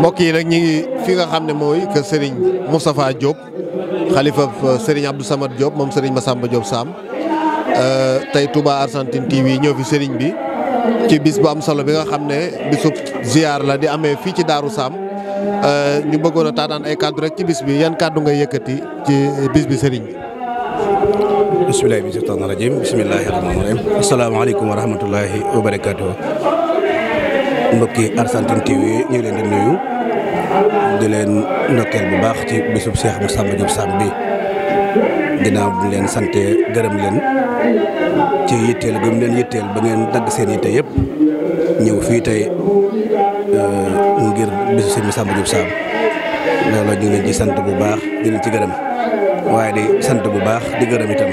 mbokk yi nag ñi ngi fi nga xam ne mooy que Serigne Moustapha Diop xalifa Serigne Abdou Samad Diop moom ma Massamba Diop Sam euh, tey Touba Argentine TV ñëw fi Serigne bi ci bis bu am solo bi nga xam ne bisub ziar la di amee fii ci Daaru Sam euh, ñu bëggoon a taataan ay kàddu rek ci bis bi yan kàddu ngay yëkkati ci bis bi sëriñ bi bismillahi bi seytaani rajim bismillahi rahmaani rahim asalaamaaleykum mbokki Argentine TV ñu ngi leen di nuyu di leen ndokkeel bu baax ci bisub Cheikh Massamba Diop Samb bi dina bi leen sante gërëm leen ci yitteel gëm leen yitteel ba ngeen dagg seen tey yëpp ñëw fii tey euh, ngir bisu Sëñ Massamba Diop Samb loolu ñu ngi leen ci sant bu baax di leen ci gërëm waaye di sant bu baax di gërëm itam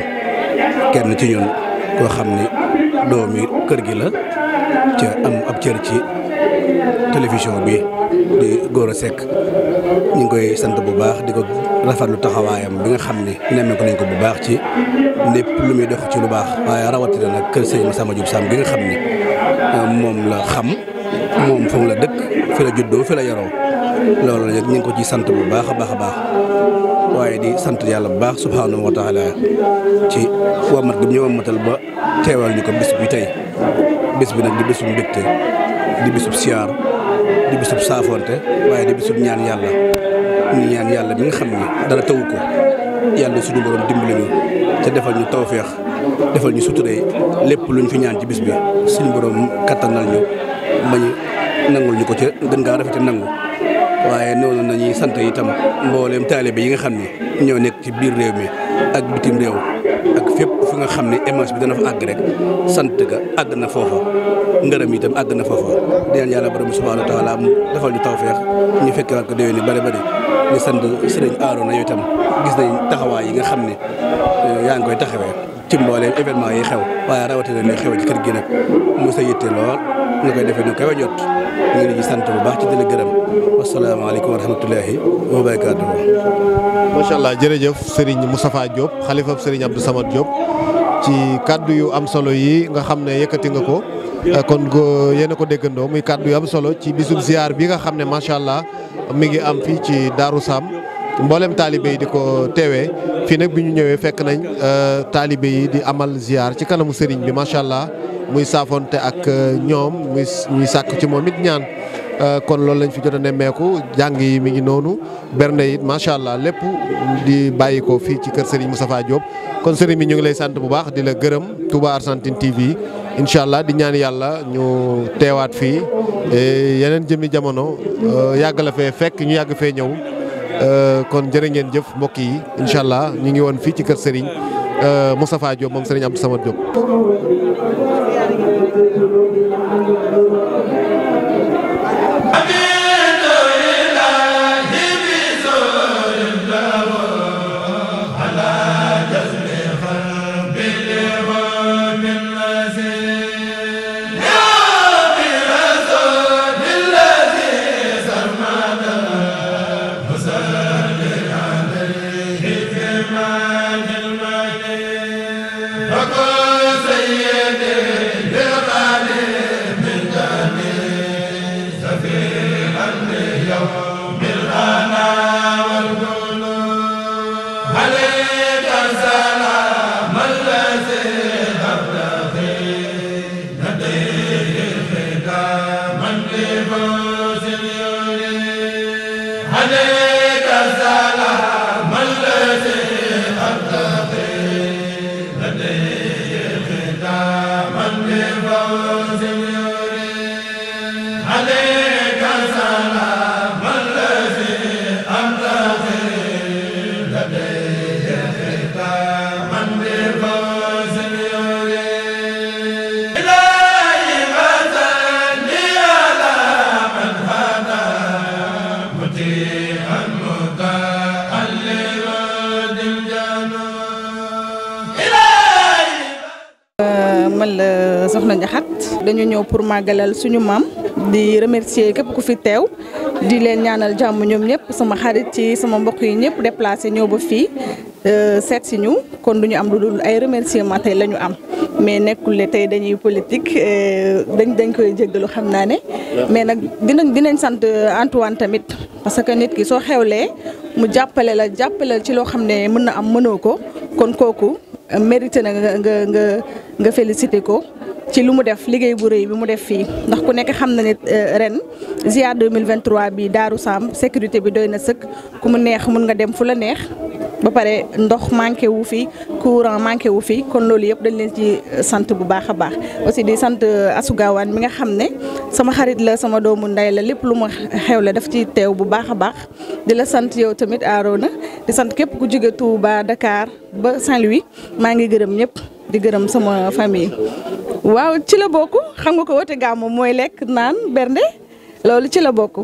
kenn ci ñun koo xam ne doomi kër gi la ca am ab cër ci télévision bi di a sekk ñu ngi koy sant bu baax di ko rafetlu taxawaayam bi nga xam ne nemmeeku nañ ko bu baax ci lépp lu muy dox ci lu baax waaye rawatina nag kër Serigne Massamba Diop Sam bi nga xam ne euh, moom la xam moom fu la dëkk fi la juddoo fi la yaroo loolu nag ñu ngi ko ci sant bu baax a baax a baax waaye di sant yàlla bu baax subhaanahu wa taala ci wamat gi ñu wamatal ba teewal ñu ko bis bi tey bis bi nag di bisum mbégte di bisub siyaar di bisub saafoonte waaye di bisub ñaan yàlla ñu ñaan yàlla mi nga xam ne dara tawu ko yàlla suñu borom dimbali ñu te defal ñu tawféex defal ñu suturee lépp lu ñu fi ñaan ci bis bi suñu borom kattanal ñu mañu nangul ñu ko ca gën ngaa rafete nangu waaye noonu nañuy sant itam mbooleem taalibe yi nga xam ne ñoo nekk ci biir réew mi ak bitim réew ak fépp fu nga xam ne émission bi dana fa àgg rek sant ga àgg na foofa ngërëm tam àgg na foofa di ñaan yàlla borom subhaanahu wa taala mu defal ñu tawfeex ñu fekkewaat ko déwén ni bëri bëri di sant sëriñ Aarona yooyu itam gis nañ taxawaay yi nga xam ne eh, yaa ngi koy taxawee ci mbooleem événement yi xew waaye rawatina ne xew ci kër gi nag mu sa yitte lool nga koy defee nu kawe jot ñu ngi di sant bu baax ci di la gërëm wasalaamaaleykum wa rahmatulahi wa barakaatuhu. macha allah jërëjëf Serigne Moustapha Diop xalifa Serigne Abdou Samad Diop ci kàddu yu am solo yi nga xam ne yëkkati nga ko kon go a ko déggandoo muy kàddu yu am solo ci bisub ziar bi nga xam ne macha allah mi ngi am fii ci daaru saam mboolem taalibe yi di ko teewee fii nag bi ñu ñëwee fekk nañ euh, taalibe yi di amal ziar ci kanamu sëriñ bi macha allah muy saafonte ak euh, ñoom muy muy sàkk ci moom it ñaan. Euh, kon loolu lañ fi jot a nemmeeku jàng yi mi ngi noonu bernde yi macha allah lépp di bàyyi ko fii ci kër Serigne Moustapha Diop kon Serigne bi ñu ngi lay sant bu baax di la gërëm Touba Argentine TV incha allah di ñaan yàlla ñu teewaat fii yeneen jëmi jamono yàgg la fee fekk ñu yàgg fee ñëw. Euh, kon jërë ngeen jëf mbokk yi incha allah ñu ngi woon fii ci kër Serigne euh, Moustapha Diop moom Serigne Abdou Samad Diop. soxna Njaxate dañu ñëw pour màggalal suñu maam di remercier képp ku fi teew di leen ñaanal jàmm ñoom ñëpp sama xarit ci sama mbokk yi ñëpp déplacé ñëw ba fii euh, seet si ñu kon du ñu am lu dul ay remercier remerciement tey la ñu am mais nekkul ne tey dañuy politique euh, dañ dañ koy jéggalu xam naa ne mais nag dinañ dinañ sant Antoine tamit parce que nit ki soo xewlee mu jàppale la jàppale ci loo xam ne mën na am mënoo ko kon kooku mérité na nga nga nga félicité ko ci lu mu def liggéey bu rëy bi mu def fii ndax ku nekk xam na ne euh, ren ziar 2023 bi Daaru Sam sécurité bi doy na sëkk ku mu neex mun nga dem fu la neex ba pare ndox manqué wu fi courant manqué wu fi kon loolu yëpp dañ leen ci euh, sant bu baax a baax aussi di sant euh, asugaawaan mi nga xam ne sama xarit la sama doomu ndey la lépp lu ma xew la daf ci teew bu baax a baax di la sant yow tamit Arona di sant képp ku jóge Touba Dakar ba Saint-Louis maa ngi gërëm ñëpp di gërëm sama famille waaw ci la bokk xam nga ko woote gàmmu mooy lekk naan bernde loolu ci la bokk